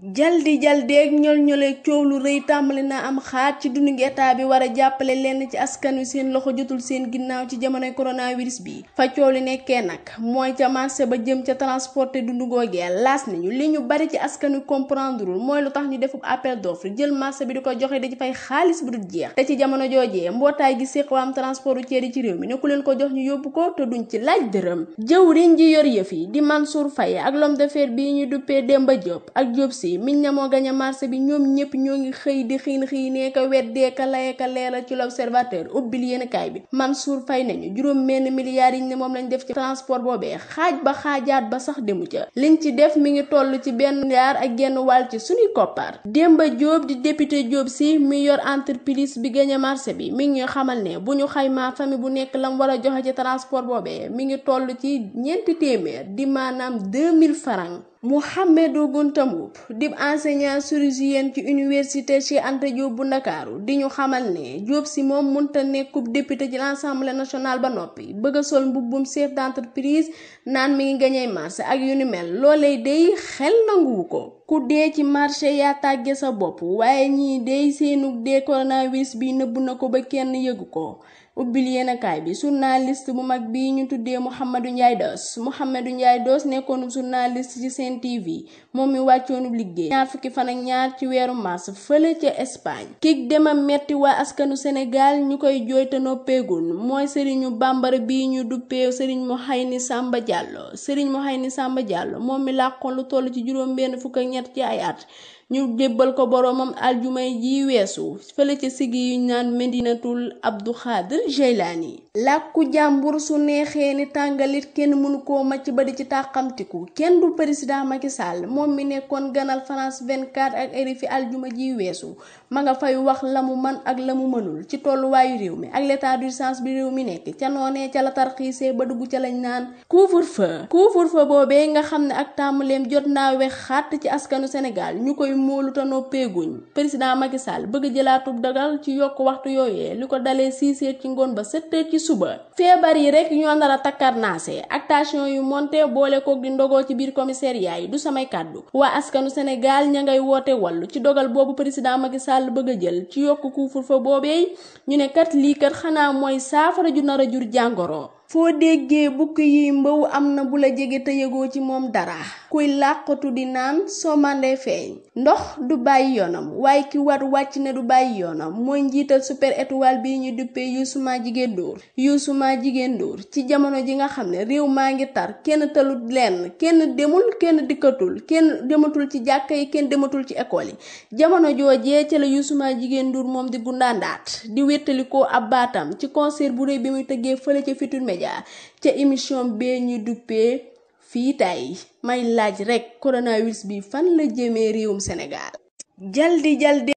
di jaldi jaldeeg ñol ñoleeg coow lu rëy tàmbali na am xaat ci dundu état bi war a jàppale lenn ci askan wi seen loxo jotul seen ginnaaw ci jamonoy coronavirus bi fa coow li nekkee nag mooy ca marché ba jëm ca transporté dundu googee laas nañu li ñu bari ci askan wi mooy lu tax ñu defub appel d'offre jël marché bi di ko joxe di ci fay xaalis bu dul jeex te ci jamono joojee mbootaay gi séq waam transport routier yi ci réew mi ne leen ko jox ñu yóbbu ko te duñ ci laaj dërëm jëwriñ ji yor yëf yi di Mansour Faye ak l'homme d'affaires bi ñu duppee Demba Diop ak Diop si marché yi miñ na moo gañ a marché bi ñoom ñëpp ñoo ngi xëy di xiin xiinee ka weddee ka laye ka leeral ci l'observateur ubbil yéen kaay bi suur Faye nañu juróom benn milliards yi ne moom lañu def ci transport boobee xaaj ba xaajaat ba sax demu ca liñ ci def mi ngi toll ci benn milliard ak genn wàll ci suñuy koppar Demba Diop di député Diop si mi yor entreprise bi gañ a marché bi mi ngi xamal ne bu ñu xaymaa famille bu nekk lam war a joxe ci transport boobee mi ngi toll ci ñeenti téeméer di maanaam deux mille francs Mouhamadou Gounta Mboup dib enseignant chirurgien ci université Cheikh Anta Diop bu Ndakaaru di ñu xamal ne Diop si moom mënta nekkub député ci l'Assemblée national ba noppi bëgg a sol mbubbum chef d'entreprise naan mi ngi gañey marché ak yu ni mel loolee day xel nanguwu ko ku dee ci marché yaa tàgge sa bopp waaye ñii dey seenug dee coronavirus bi nëbb na ko ba kenn yëgu ko ubbil yéenekaay bi journaliste bu mag bii ñu tuddee Mouhamadou Ndiaye Doss Mouhamadou Ndiaye Doss nekkoonub journaliste ci Sen TV moom mi wàccoonub liggéey ñaar fukki fan ak ñaar ci weeru mars fële ca Espagne kiig demam metti waa askanu Sénégal ñu koy jooy te mooy seriñu bambara bii ñu duppee mu sëriñ Mohayni Samba mu sëriñ Mohayni Samba Diallo moom mi làqoon lu toll ci juróom benn fukk ak ñett ci ay at ñu jébbal ko boroomam aljumay ji weesu fële ci sigi yu naan medinatul abdu xaadir jeylaani làkku jàmbur su neexee ni tàngalit kenn mënu koo macc ba di ci tàqamtiku kenn du président Macky Sall moom mi nekkoon ganal France 24 ak fi aljuma ji weesu ma nga fay wax la mu man ak la mu mënul ci tolluwaayu réew mi ak l'état d'urgence bi réew mi nekk ca noonee ca la tarxiisee ba dugg ca lañ naan couvre-feu couvre-feu boobee nga xam ne ak tàmmaleem jot naa wex xàtt ci askanu Sénégal moo lu te noppeeguñ président Macky Sall bëgg jëlaatu dogal ci yokk waxtu yooyee li ko dalee six ci ngoon ba sept ci suba feebar yi rek ñoo nar a takkarnaase actation yu monté boole koog di ndogoo ci biir commissariat yi du samay kàddu waa askanu Sénégal ña ngay woote wàllu ci dogal boobu président Macky Sall bëgg a jël ci yokk couvre-feu boobee ñu ne kat lii kat xanaa mooy saafara ju nar a jur jàngoro foo déggee bukk yi mbaw am na bu la jege te yëgoo ci moom dara kuy làqatu di naan soo màndee feeñ ndox du bàyyi yoonam waaye ki war wàcc ne du bàyyi yoonam mooy njiital super étoile bi ñu duppee yuusuma jigéen dóor yuusuma jigéen dóor ci jamono ji nga xam ne réew maa ngi tar kenn tëlu lenn kenn demul kenn dikkatul kenn dematul ci jàkka yi kenn dematul ci école yi jamono joojee ca la yuusuma jigéen dóor moom di gundaandaat di wéttalikoo ab baatam ci concert bu réy bi muy tëggee fële ca Futurs média ca émission bee ñu duppee fii tey may laaj rekk coronavirus bi fan la jëmee réewum Sénégal jaldi jaldi